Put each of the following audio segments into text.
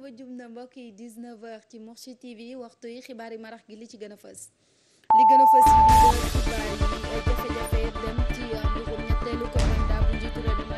ba jub na mbokk yi 19h ci Mourchid TV waxtu yi xibaar yi marax gi li ci gën a fës li gën a fës ci biir xibaar yi jafe-jafe dem ci mbirum ñetteelu commanda bu njiitu réew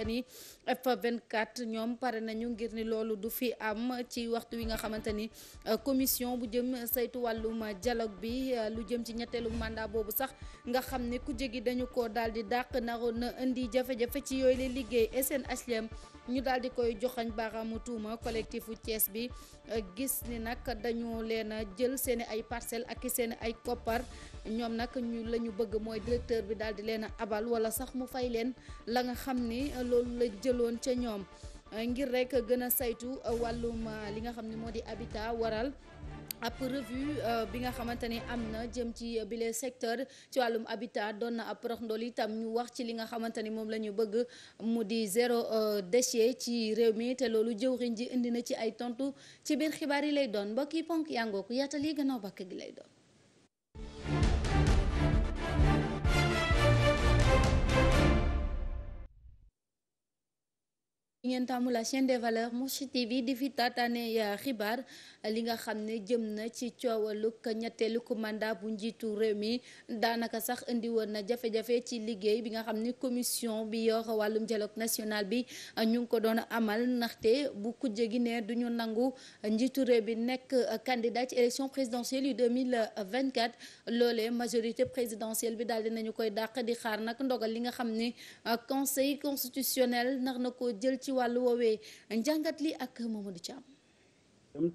xamante ni F24 ñoom pare nañu ngir ni loolu du fi am ci waxtu wi nga xamante ni euh, commission bu jëm saytu wàllum dialogue bi euh, lu jëm ci ñetteelu mandat boobu sax nga xam ne ku jégi dañu ko daal di dàq naroon na indi jafe-jafe ci yooyu la liggéey SNHLM ñu daal di koy joxañ baaraamu tuuma collectif u bi euh, gis ni nag dañu leen a jël seeni ay parcelles ak seeni ay koppar ñoom nag ñu la ñu bëgg mooy directeur bi daal di leen abal wala sax mu fay leen la nga xam ni euh, loolu la jëloon ca ñoom euh, ngir rek gën a saytu euh, wàllum li nga xam ni moo di habitat waral. ab revue bi nga xamante ni am na jëm ci bile secteur ci wàllum habitat doon na ab itam ñu wax ci li nga xamante ni moom la ñu bëgg mu di zéro déchet ci réew mi te loolu jëw riñ ji indi na ci ay tontu ci biir xibaar yi lay doon mbokk yi ponk yàngoo ko yaatal yi gannaaw bàkk gi lay doon. ngeen taamu la chaîne des valeurs Mourchid TV di fi taataane xibaar li nga xam ne jëm na ci coowaluk ñetteelu mandat bu njiitu réew mi daanaka sax indi woon na jafe-jafe ci liggéey bi nga xam ne commission bi yor wàllum dialogue national bi ñu ngi ko doon amal ndaxte bu kujje gi ne du ñu nangu njiitu réew bi nekk candidat ci élection présidentielle yu 2024 loolee majorité présidentielle bi daal nañu koy dàq di xaar nag ndogal li nga xam ne conseil constitutionnel ci wàllu woowee njàngat li ak Mamadou Thiam.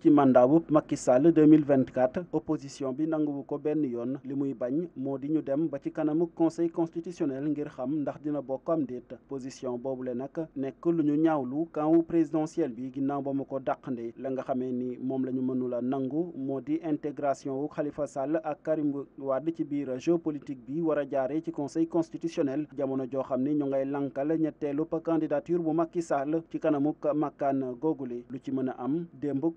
ci mandat bu Macky Sall 2024 opposition bi nanguwu ko benn yoon li muy bañ moo di ñu dem ba ci kanamu conseil constitutionnel ngir xam ndax dina bokk am position boobu boobule nag nekk lu ñu lu camp présidentiel bi ginnaaw ba mu ko dàqande la nga xamee ni moom la ñu mënula nangu moo di intégration wu Khalifa Sall ak Karim Wade ci biir jeu politique bi war a jaaree ci conseil constitutionnel jamono joo xam ni ñu ngay lankal ñetteelu candidature bu Macky Sall ci kanamu makkaan googule lu ci mën a am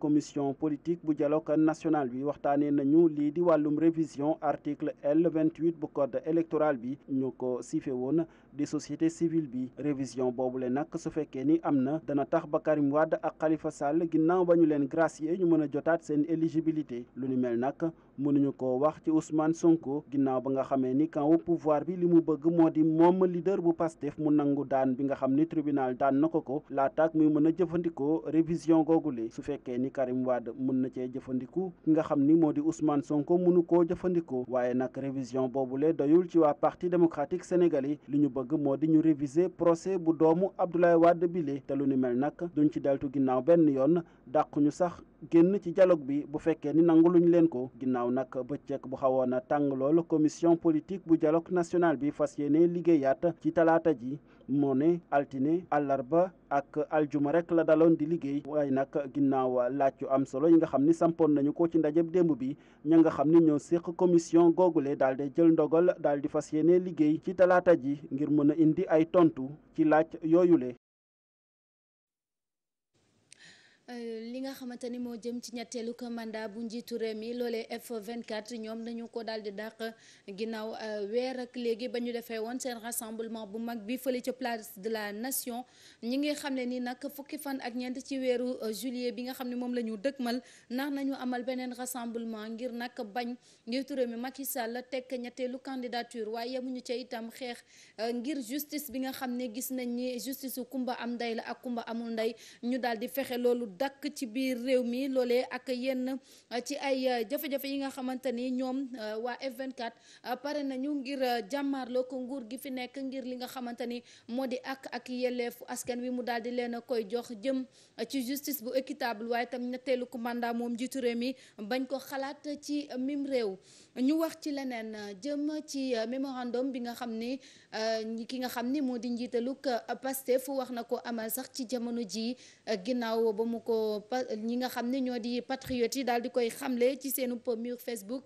commission politique bu dialogue national bi waxtaanee nañu lii di wàllum révision article L 28 bu code électoral bi ñu ko siife woon di société civile bi révision boobu boobule nak su fekkee ni am na dana tax ba Karim Wade ak Khalifa Sall ginnaaw ba ñu leen gracier ñu mën a jotaat seen éligibilité lu ni mel nag mënuñu ko wax ci Ousmane Sonko ginnaaw ba nga xamee ni camp wu pouvoir bi li mu bëgg moo di moom leader bu Pastef mu nangu daan bi nga xam ni tribunal daan na ko ko laataak muy mën a jëfandikoo révision googule su fekkee ni Karim waad mën na cee jëfandiku ki nga xam ni moo di Ousmane Sonko mënu koo jëfandikoo waaye nag révision lee doyul ci waa parti sénégal sénégalais li ñu bëgg moo di ñu réviser procès bu doomu Abdoulaye Wade bile te lu ni mel nag duñ ci deltu ginnaaw benn yoon dàquñu sax génn ci jaloog bi bu fekkee ni nangu luñ leen ko ginnaaw nag bëccëg bu xawoon a tàng lool commission politique bu dialogue national bi fas yéene liggéeyaat ci talaata ji moo ne altine àllarba ak aljuma rek la daloon di liggéey waaye nag ginnaaw laaj yu am solo yi nga xam ni sampoon nañu ko ci ndajeb démb bi ña nga xam ni ñoo séq commission googule daal di jël ndogal daal di fas yéene liggéey ci talaata ji ngir mën a indi ay tontu ci laaj yooyule Euh, li nga xamante ni moo jëm ci ñetteelu ko mandat bu njiitu réew mi loolee F24 ñoom nañu ko daal di dàq ginnaaw euh, weer ak léegi ba ñu defee woon seen rassemblement bu mag bi fële ca place de la nation ñi ngi xam ne ni nag fukki fan ak ñeent ci weeru euh, juillet bi nga xam ne moom la ñu dëgmal ndax nañu amal beneen rassemblement ngir nag bañ njiitu réew mi Macky Sall tekk ñetteelu candidature waaye yemuñu ca itam xeex ngir justice bi nga xam ne gis nañ ni justice kumba am ndey la ak kumba amul ndey dakk ci biir réew mi loole ak yenn uh, ci ay uh, jafe-jafe yi nga xamante ni ñoom uh, waa F24 pare nañu ngir jàmmaarloo ko nguur gi fi nekk ngir li nga xamante ni moo di ak ak yelleefu askan wi mu daal di leen koy jox jëm ci justice bu équitable waaye tam ñetteelu ko mandat moom jiitu réew mi bañ ko xalaat ci mim réew ñu wax ci leneen jëm ci mémorandum bi nga xam ni ki nga xam ni moo di njiitaluk Pastef wax na ko amal sax ci jamono ji ginnaaw ba mu ko ñi nga xam ne ñoo di patriotes yi daal di koy xamle ci seenu mur Facebook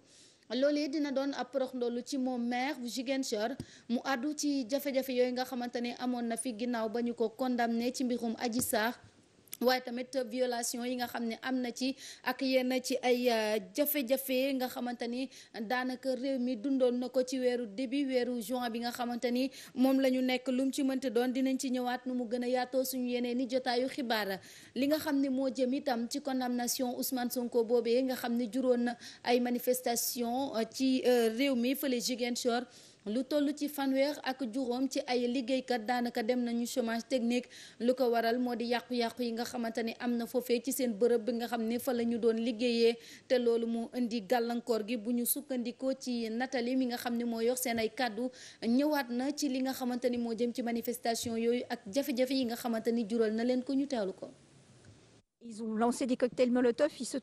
loolee dina doon ab porox ndoolu ci moom maire bu Ziguinchor mu àddu ci jafe-jafe yooyu nga xamante ne amoon na fi ginnaaw ba ñu ko condamné ci mbirum Adji Sarr waaye tamit violation yi nga xam ne am na ci ak yenn ci ay euh, jafe-jafe nga xamante ni daanaka réew mi dundoon na ko ci weeru début weeru juin bi nga xamante ni moom la ñu nekk lum ci mënte doon dinañ ci ñëwaat nu mu gën a yaatoo suñu yeneen i jotaayu xibaar li nga xam ne moo jëm itam ci condamnation Ousmane Sonko boobee nga xam ne juróon na ay manifestation euh, ci euh, réew mi fële Ziguinchor lu toll ci fanweer ak juróom ci ay liggéeykat daanaka dem nañu chômage technique lu ko waral moo di yàqu-yàqu yi nga xamante ne am na foofee ci seen bërëb bi nga xam ne fa la ñu doon liggéeyee te loolu moo indi gàllankoor gi bu ñu sukkandikoo ci Nathalie mi nga xam ne moo yor seen ay kàddu ñëwaat na ci li nga xamante ni moo jëm ci manifestation yooyu ak jafe-jafe yi nga xamante ni jural na leen ko ñu teelu ko. Ils ont lancé des cocktails Molotov. Il se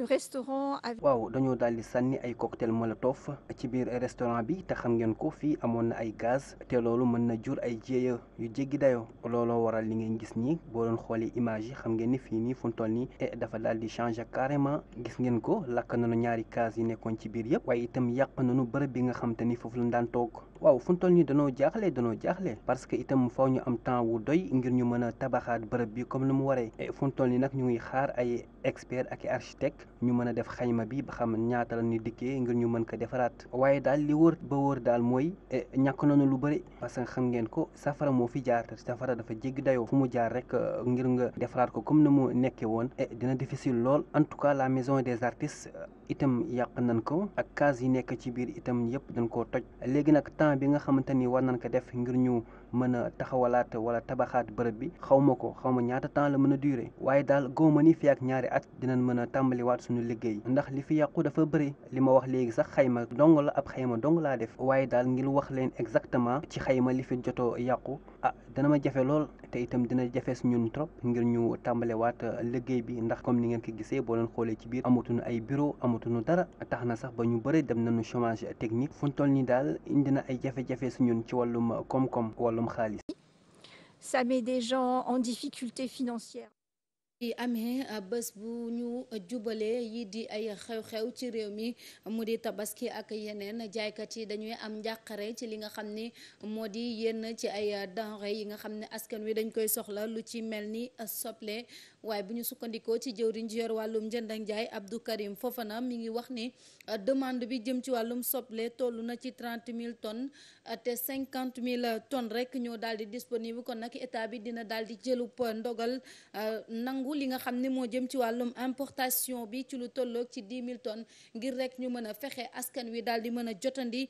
le restaurant waaw dañoo daal sànni ay cocktail molotov ci biir restaurant bi te xam ngeen ko fii amoon na ay gaz te loolu mën na jur ay jéeya yu jéggi dayo looloo waral li ngeen gis nii boo doon xoolee image xam ngeen ni fii nii fu mu toll nii e dafa daal di changé carrément gis ngeen ko lakk nañu ñaari gaz yi nekkoon ci biir yëpp waaye itam yàq nañu bërëb bi nga xam te ni foofu lañ daan toog waaw fu ñu toll nii danoo jaaxle danoo jaaxle parce que itam faw ñu am temps wu doy ngir ñu mën a tabaxaat bërëb bi comme ni mu waree eh, fu ñu nag ñu ngi xaar ay expert ak i architecte ñu mën a def xayma bi ba xam ñaata la ni dikkee ngir ñu mën ko defaraat waaye daal li wóor ba wóor daal mooy eh, ñàkk nañu lu bëri parce que xam ngeen ko safara moo fi jaar safara dafa jéggi dayoo fu mu jaar rek eh, ngir nga defaraat ko comme ni mu nekkee woon dina difficile lool en tout cas la maison des artistes itam yàq nañ ko ak case yi nekk ci biir itam yëpp dañ koo toj léegi nag bilan bi nga xamante ni war nañ ko def ngir ñu mën a taxawalaat wala tabaxaat bërëb bi xaw ma ko xaw ma ñaata temps la mën a durer waaye daal góob ma ni fii ak ñaari at dinañ mën a tàmbaliwaat suñu liggéey ndax li fi yàqu dafa bari li ma wax léegi sax xayma dong la ab xayma dong laa def waaye daal ngir wax leen exactement ci xayma li fi jotoo yàqu ah dana ma jafe lool te itam dina jafe si ñun trop ngir ñu tàmbalewaat euh, liggéey bi ndax comme ni ngeen ko gisee boo leen xoolee ci biir amatuñu ay bureau amatuñu dara jafe-jafe su ñun ci wàllum koom-koom wàllum xaalis. ça met des gens en difficulté financière. yi amee bés bu ñu jubalee yi di ay xew-xew ci réew mi mu di tabaski ak yeneen jaaykat yi dañuy am njàqare ci li nga xam ni moo di yenn ci ay denrées yi nga xam ne askan wi dañ koy soxla lu ci mel ni soble waaye bu ñu sukkandikoo ci jëw ji yor wàllum njënd ak njaay Abdou Karim Fofana mi ngi wax ni euh, demande bi jëm ci wàllum soble toll na ci trente mille tonnes euh, te cinquante mille tonnes rek ñoo daal di disponible kon nag état bi dina daal di jëlub ndogal euh, nangu li nga xam ne moo jëm ci wàllum importation bi ci lu tolloog ci dix mille tonnes ngir rek ñu mën a fexe askan wi daal di mën a jotandi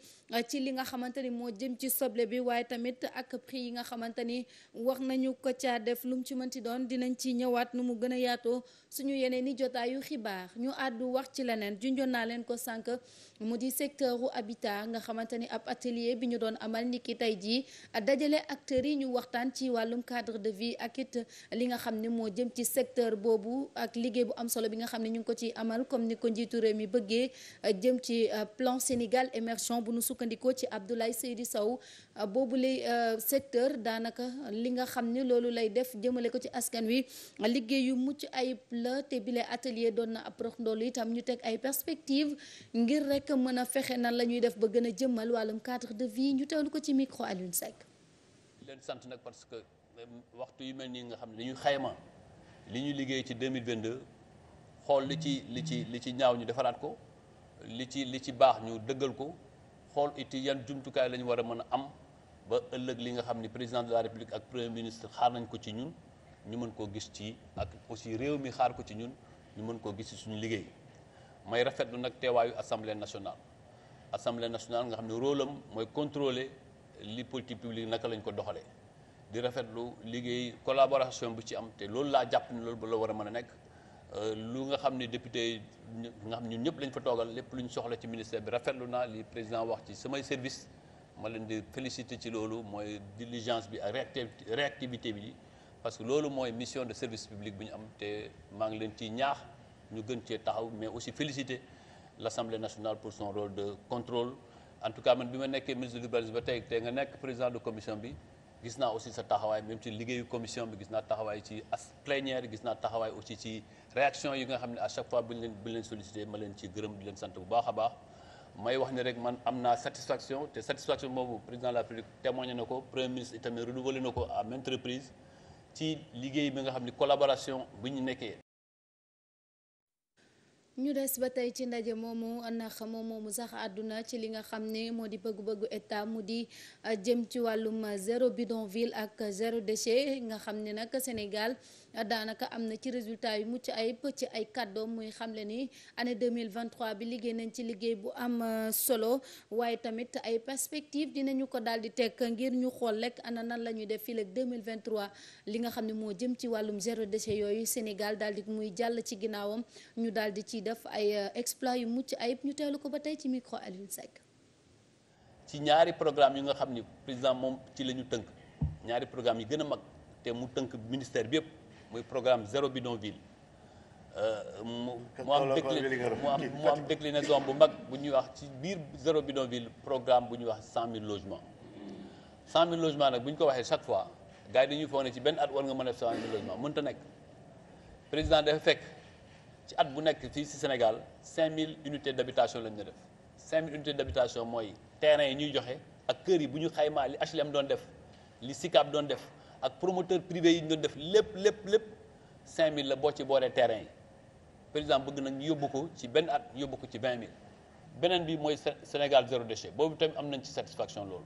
ci li nga xamante ni moo jëm ci soble bi waaye tamit ak prix yi nga xamante ni wax nañu ko caa def lu mu ci mënti doon dinañ ci ñëwaat. mu gën a yaatoo suñu yeneen i jotaayu xibaar ñu àddu wax ci leneen junjoon naa leen ko sànq mu di secteur u habitat nga xamante ni ab atelier bi ñu doon amal niki tey jii dajale acteurs yi ñu waxtaan ci wàllum cadre de vie ak it li nga xam ne moo jëm ci secteur boobu ak liggéey bu am solo bi nga xam ne ñu ngi ko ci amal comme ni ko njiitu réew mi bëggee jëm ci euh, plan Sénégal émersion bu nu sukkandikoo ci Abdoulaye Seydou saw boobu lay euh, secteur daanaka li nga xam ne loolu lay def jëmale ko ci askan wi liggéey yu mucc ay la te bile atelier doon na approche ñu teg ay perspectives que mën a fexe nan la ñuy def ba gën a jëmmal wàllum cadre de vie ñu teewlu ko ci micro Alioune Seck. leen sant nag parce que euh, waxtu yi mel nii nga xam ne dañuy xayma li ñu liggéey ci 2022 xool li ci li ci li ci ñaaw ñu defaraat ko li ci li ci baax ñu dëggal ko xool it yan jumtukaay la ñu war a mën a am ba ëllëg li nga xam ne président de la république ak premier ministre xaar nañ ko ci ñun ñu mën koo gis ci ak aussi réew mi xaar ko ci ñun ñu mën koo gis ci suñu liggéey. may rafetlu nag teewaayu assemblée nationale assemblée nationale nga xam ne rôle am mooy contrôler li politique publique naka lañ ko doxalee di rafetlu liggéey collaboration bu ci am te loolu laa jàpp ne loolu ba la war a mën a nekk euh, lu nga xam ne député yi nga xam ñun ñëpp lañ fa toogal lépp lu ñu soxla ci ministère bi rafetlu naa li président wax ci samay service ma leen di féliciter ci loolu mooy diligence bi ak réactivité bi parce que loolu mooy mission de service public bu am te maa ngi leen ciy ñaax ñu gën cee taxaw mais aussi féliciter l'Assemblée nationale pour son rôle de contrôle en tout cas man bi ma nekkee ministre de l'urbanisme ba tey tey nga nekk président de commission bi gis naa aussi sa taxawaay même ci liggéeyu commission bi gis naa taxawaay ci as plénière gis naa taxawaay aussi ci réaction yi nga xam ne à chaque fois bu ñu leen bu ñu leen sollicité ma leen ci gërëm di leen sant bu baax a baax may wax ni rek man am naa satisfaction te satisfaction boobu président de la République témoigné na ko premier ministre itamit renouvelé na ko à maintes reprises ci bi nga xam ne collaboration bu ñu nekkee ñu des ba tey ci ndaje moomu ndax moom moomu sax àdduna ci li nga xam ne moo di bëgg-bëggu état mu di jëm ci wàllum zéro bidonville ak zéro déchet nga xam ne nag Sénégal. daanaka am na ci résultat yu mucc ayib ci ay kàddoom muy xamle ni année 2023 bi liggéey nañ ci liggéey bu am euh, solo waaye tamit ay perspective dinañu ko daal di teg ngir ñu xool rek ana nan la ñuy def fii ak 2023 li nga xam ne moo jëm ci wàllum zéro déchet yooyu Sénégal daal di muy jàll ci ginnaawam ñu daal di ciy def ay euh, exploit yu mucc ayib ñu teelu ko ba tey ci micro Alioune Seck ci ñaari programme yi nga xam ni président moom ci la ñu tënk ñaari programme yi gën a mag te mu tënk ministère bi yëpp muy programme zéro bidonville euh, mu mu am mu am déclinaison bu mag bu ñuy wax ci biir zéro bidonville programme bu ñuy wax cent mille logements cent mille logements nag bu ñu ko waxee chaque fois gars yi dañuy foog ne ci benn at war nga mën a def cent mille logements mënut a nekk président dafa fekk ci at bu nekk fii ci Sénégal cinq mille unités d'habitation lañ na def cinq mille unités d'habitation mooy terrain yi ñuy joxe ak kër yi bu ñu xaymaa li HLM doon def li SICAP doon def ak promoteur privé yi ñu doon def lépp lépp lépp 5000 la boo ci boolee terrain yi président bëgg nañ yóbbu ko ci benn at yóbbu ko ci 20000 beneen bi mooy Sénégal zéro déchet boobu tamit am nañ ci satisfaction loolu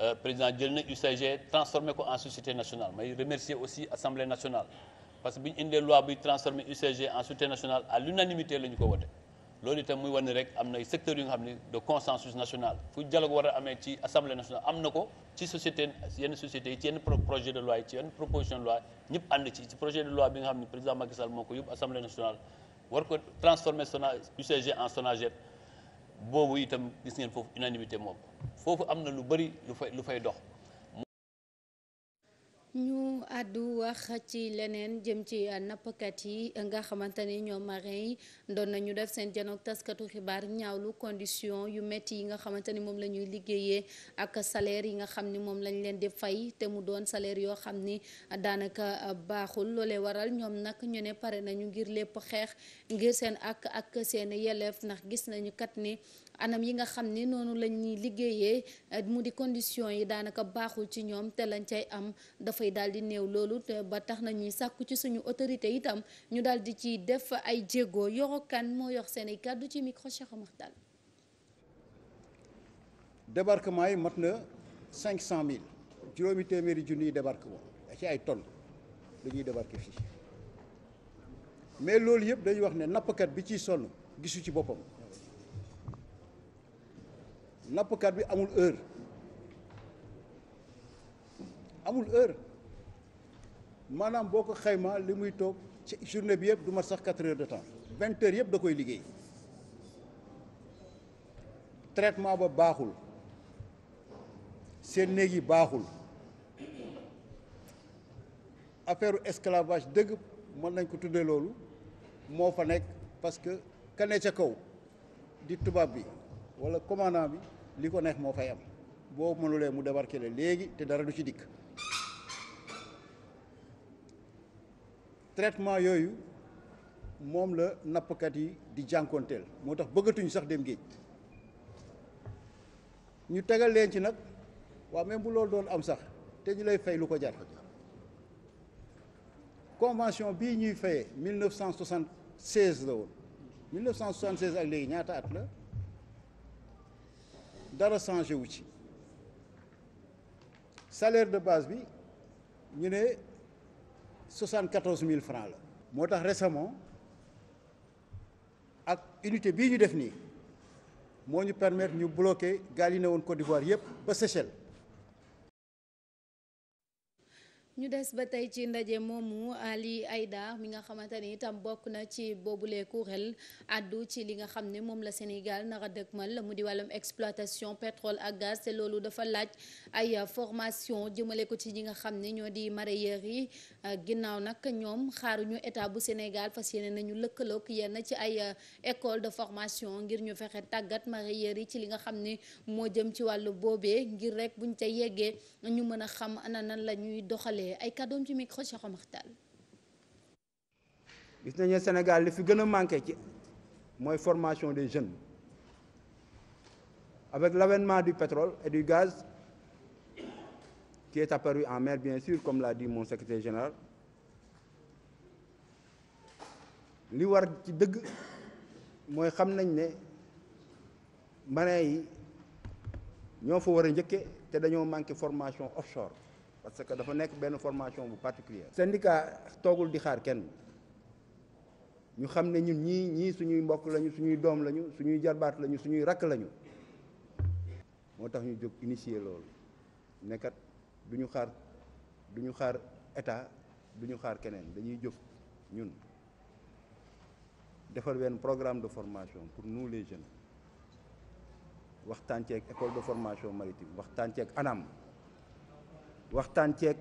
euh, président jël na UCG transformé ko en société nationale may remercier aussi assemblée nationale parce que bi ñu indee loi buy transformé UCG en société nationale à l'unanimité la ko wote loolu itam muy wane rek am na secteurs yu nga xam ne de consensus national fu dialogue war a amee ci assemblée nationale am na ko ci société yenn sociétés yi ci yenn projet de loi yi ci yenn proposition de loi ñëpp ànd ci ci projet de loi bi nga xam ne président Macky Sall moo ko yóbbu assemblée nationale war ko transformer sona UCG en SONAGED boobu itam gis ngeen foofu unanimité moom foofu am na lu bëri lu fay lu fay dox ñu àddu wax ci leneen jëm ci nappkat yi nga xamante ni ñoom marin yi doon ñu def seen janoog taskatu xibaar ñaawlu condition yu métti yi nga xamante ni moom la ñuy liggéeyee ak salaire yi nga xam ni moom lañ leen di fay te mu doon salaire yoo xam ni daanaka baaxul loole waral ñoom nag ñu ne pare nañu ngir lépp xeex ngir seen ak ak seen yelef ndax gis nañu kat ni anam yi nga xam ni noonu la ñuy liggéeyee eh, mu di condition yi daanaka baaxul ci ñoom te lañ cay am dafay daal di néew loolu te ba tax na ñuy sàkku ci suñu autorité itam ñu daal di ci def ay jéego Yoro moo yor seen i kàddu ci micro Cheikh Omar Tall débarquement yi mat na cinq cent mille juróomi téeméeri junniy débarquement ci ay tonnes la ñuy débarqué fii mais loolu yëpp dañuy wax ne nappkat bi ciy sonn gisu ci boppam nappkat bi amul heure amul heure maanaam boo ko xaymaa li muy toog ci journée bi yëpp du ma sax quatre heures de temps vingt heures yëpp da koy liggéey traitement ba baaxul seen néeg yi baaxul affaire esclavage dëgg mën nañ ko tuddee loolu moo fa nekk parce que ka ca kaw di tubaab bi walla commandant bi li ko neex moo fay am boo mënulee mu débarqué la léegi te dara du ci dikk traitement yooyu moom la nappkat yi di jànkoonteel moo tax bëggatuñu sax dem géej ñu tegal leen ci nag waaw même bu loolu doon am sax te ñu lay fay lu ko jar convention bii ñuy fayee 1976 la woon 1976 ak léegi ñaata at la dara changé wu ci salaire de base bi ñu ne soixante quatorze mille francs la. moo tax récemment ak unité bii ñu def nii moo ñu permettre ñu bloquer gaal yi ne woon Côte d'Ivoire yëpp ba Seychelles. ñu des ba tey ci ndaje moomu Ali Aïda mi nga xamante ni itam bokk na ci boobule kuréel addu ci li nga xam ne moom la Sénégal nara dëkkmal mu di wàllum exploitation pétrole ak gaz loolu dafa laaj ay formation jëmale ko ci ñi nga xam ne ñoo di mareyeur yi euh, ginnaaw nag ñoom xaaruñu état bu Sénégal fas yéene nañu lëkkaloog yenn ci ay euh, école de formation ngir ñu fexe tàggat mareyeur yi ci li nga xam ne moo jëm ci wàllu boobee ngir rek ñu ca yeggee. ñu mën a xam ana nan la ñuy doxalee ay kàddoom ci micro Cheikh Omar Tall gis nañu Sénégal li fi gën a manqué ci mooy formation des jeunes avec l'avènement du pétrole et du gaz qui est apparu en mer bien sûr comme l'a dit mon secrétaire général li war ci dëgg mooy xam nañ ne marins yi ñoo fa war a njëkkee te dañoo manqué formation offshore parce que dafa nekk benn formation bu particulière syndicat toogul di xaar kenn ñu xam ne ñun ñii ñii suñuy mbokk lañu suñuy doom lañu suñuy jarbaat lañu suñuy rakk lañu moo tax ñu jóg initier loolu nekkat du ñu xaar du ñu xaar état du ñu xaar keneen dañuy jóg ñun defar ween programme de formation pour nous les jeunes waxtaan ceeg école de formation maritime waxtaan ceeg anam waxtaan ceeg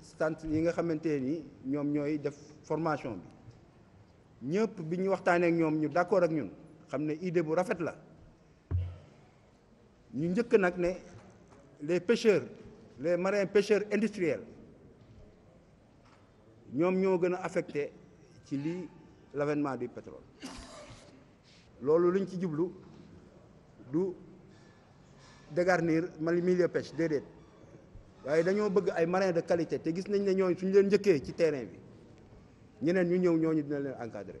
centre yi nga xamante ni ñoom ñooy def formation bi ñëpp bi ñu waxtaaneek ñoom ñu d'accord ak ñun xam ne idée bu rafet la ñu njëkk nag ne les pêcheurs les marins pêcheurs industriels ñoom ñoo gën a affecté ci li l'avènement du pétrole loolu liñ ci jublu du dégarnir mali milieu pêche déedéet waaye dañoo bëgg ay marin de qualité te gis nañ ne ñooñu suñu leen njëkkee ci terrain bi ñeneen ñu ñëw ñooñu dina leen encadrer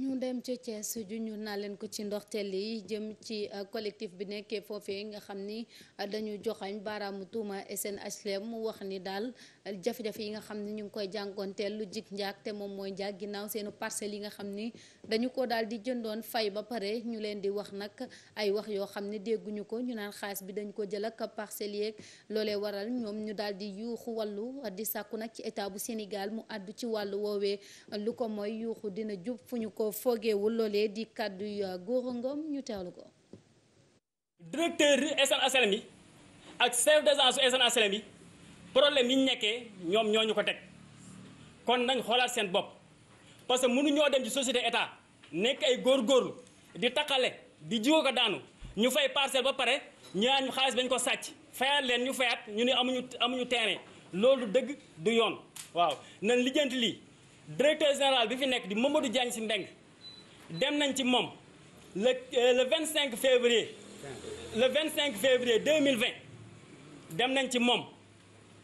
ñu dem ci Thiès juñu naa leen ko ci ndorteel yi jëm ci euh, collectif bi nekkee foofee nga xam ni euh, dañu joxañ baaraamu tuuma SNHLM mu wax ni daal euh, jafe-jafe yi nga xam ni ñu ngi koy jànkoonteel lu jik njaag te moom mooy njaag ginnaaw seenu parcelles yi nga xam ni dañu ko daal di jëndoon fay ba pare ñu leen di wax nag ay wax yoo xam ni dégguñu ko ñu naan xaalis bi dañ ko jël ak parcelles yeeg loolee waral ñoom ñu daal di yuuxu wallu di sàkku nag ci état bu Sénégal mu àddu ci wàllu woowee lu ko mooy yuuxu dina jub fu ñu ko ko foogewul loolee di kàddu góor uh, Gora Ngom ñu teewlu ko. directeur SN HLM yi ak chef d'agence su SN HLM yi problème yi ñu nekkee ñoom ñoo ñu ko teg kon nañ xoolaat seen bopp parce que mënuñoo dem ci société état nekk ay góor góorgóorlu di taqale di jiwoo ko daanu ñu fay parcelle ba pare ñaan ñu xaalis dañ ko sàcc fayaat leen ñu fayaat ñu ni amuñu amuñu terrain loolu dëgg du yoon waaw nañ lijjanti lii directeur général bi fi nekk di Mamadou Diagne Sy Mbengue dem nañ ci moom le euh, le 25 février. le 25 février 2020 dem nañ ci moom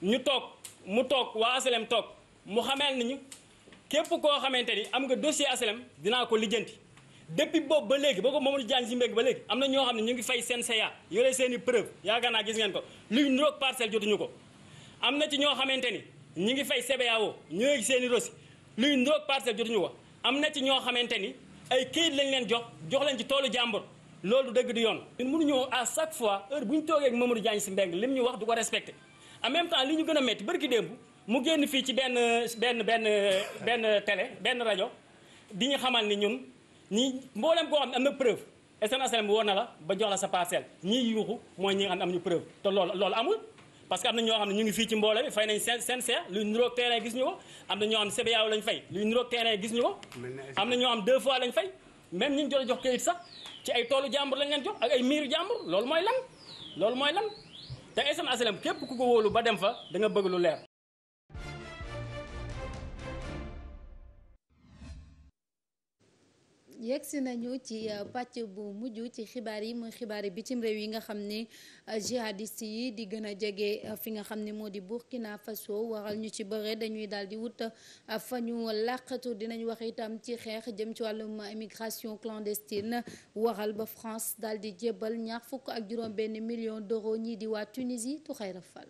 ñu toog mu toog waa ASLEM toog mu xameel nañu képp koo xamante ni am nga dossier ASLEM dinaa ko lijjanti. depuis boobu ba léegi ba ko Mamadou Diagne si mbéeg ba léegi am na ñoo xam ne ñu ngi fay seen CA yore seen i preuve yaakaar naa gis ngeen ko luy niroog parcelle jotuñu ko. am na ci ñoo xamante ni ñu ngi fay CBAO ñoo yëg seen i rosi luy niroog parcel jotuñu ko am na ci ñoo xamante ni. ay kayit lañ leen jox jox leen ci toolu jàmbur loolu dëgg di yoon. ñun mënuñoo à chaque fois heure bu ñu toogee ak Mamadou Diagne Sy ñu wax du ko respecté en même temps li ñu gën a métti bërki démb mu génn fii ci benn benn benn benn télé benn rajo di ñu xamal ni ñun ñi mboolem koo xam ne am na preuve SN HLM woo na la ba jox la sa parcelle ñiy yuuxu mooy ñi nga xam ne am ñu preuve te lool loolu amul. parce que am na ñoo xam ne ñu ngi fii ci mbooloo mi fay nañ seen seen seer luy niroog terrain gis ñu ko am na ñoo xam ne CBAO lañ fay luy niroog terrain gis ñu ko am na ñoo xam deux fois lañ fay même ñi ñu jot a jox kayit sax ci ay toolu jàmbur lañ leen jox ak ay miiru jàmbur loolu mooy lan loolu mooy lan te SN HLM képp ku ko wóolu ba dem fa da bëgg lu leer yegsi nañu ci euh, pàcc bu mujj ci xibaar yi mooy xibaar yi bitim réew yi nga xam ne euh, jihadiste yi di gën a jege euh, fi nga xam ne moo di Burkina Faso waral ñu ci bëre dañuy daal di wut fa ñu làqatu dinañu wax itam ci xeex jëm ci wàllum immigration clandestine waral ba France daal di jébbal ñaar fukk ak juróom benn million d'euros ñii di waa Tunisie tu xayra fal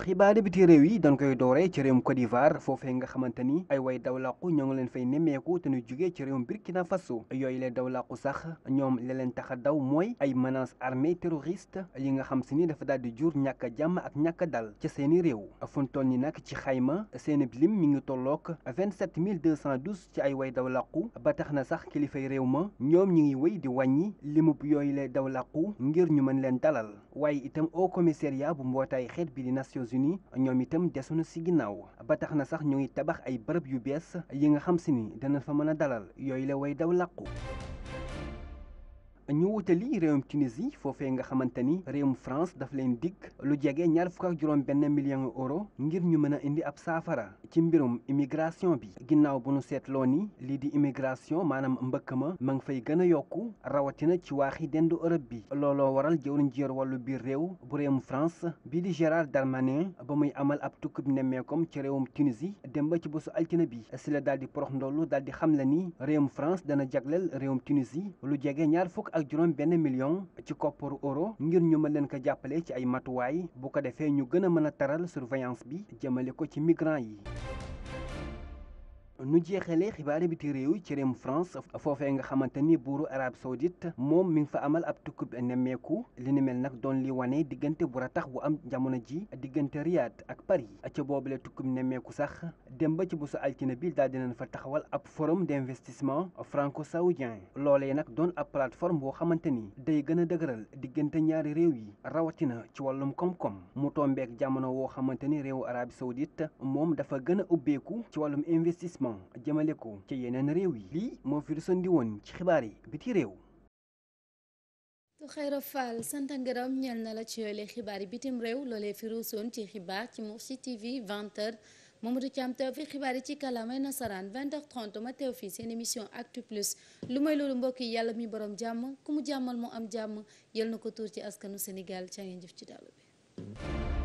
xibaar bi ci réew yi dañ koy dooree ci réewum Côte d'Ivoire foofee nga xamante ni ay way daw làqu ñoo ngi leen fay nemmeeku te ñu jugee ci réewum Burkina Faso yooyu lee daw sax ñoom li leen tax a daw mooy ay menaces armées terroristes yi nga xam si ni dafa daal di jur ñàkk jàmm ak ñàkk a dal ci seeni réew funtoon ni nag ci xayma seen lim mi ngi tolloog 272 ci ay way daw làqu ba tax na sax kilifay réew ma ñoom ñu ngi wéy di wàññi limub yooyu lee daw làqu ngir mën leen dalal waaye itam au commissariat bu mbootaay xeet bi États-Unis ñoom itam desuñu ci ginnaaw ba tax na sax ñu ngi tabax ay bërëb yu bees yi nga xam si ni dana fa mën a dalal yooyu la way daw làqu ñu wutali réewum Tunisie foofee nga xamante ni réewum France daf leen dig lu jege ñaar fukk ak juróom benn million euro ngir ñu mën a indi ab saafara ci mbirum immigration bi ginnaaw bu nu seetloo ni lii di immigration maanaam mbëkk ma ma ngi fay gën a yokku rawatina ci waaxi dendu Europe bi looloo waral jëwriñ ji yor wàllu biir réew bu réewum France bii di Gérard Darmanin ba muy amal ab tukkib nemmeekom ci réewum Tunisie dem ba ci bésu altine bi si la daal di porox ndoolu daal di xam la ni réewum France dana jagleel réewum Tunisie lu ak juróom benn million ci kopparu euro ngir ñu mën leen ko jàppale ci ay matuwaay bu ko defee ñu gën a mën a taral surveillance bi jëmale ko ci migrants yi nu jeexalee xibaar bi ti réew ci réewum France foofee nga xamante ni buuru araab Saoudite moom mi nga fa amal ab tukkub nemmeeku li ni mel nag doon li wane diggante bu ratax bu am jamono ji diggante riyaat ak Paris ca boobule tukkub nemmeeku sax dem ba ci bésu altine bi daal dinañ fa taxawal ab forum d'investissement franco-saoudien loolee nag doon ab plateforme boo xamante ni day gën a dëgëral diggante ñaari réew yi rawatina ci wàllum koom-koom mu tombeek jamono woo xamante ni réewu Arabie Saoudite moom dafa gën a ubbeeku ci wàllum investissement millions jëmale ko ci yeneen réew yi lii moo fi rusandi woon ci xibaar yi biti réew. su xayra faal la ci yooyu xibaar yi bitim réew loolee fi ruusoon ci xibaar ci Mourchid TV moom h Mamadou Thiam teew fi xibaar yi ci kàllaamay nasaraan 20 h ma teew fii seen émission Actu Plus may loolu mbokk yi yàlla mi borom jàmm ku mu jàmmal mu am jàmm yal na ko tuur ci askanu Sénégal ca ngeen ci dàll bi.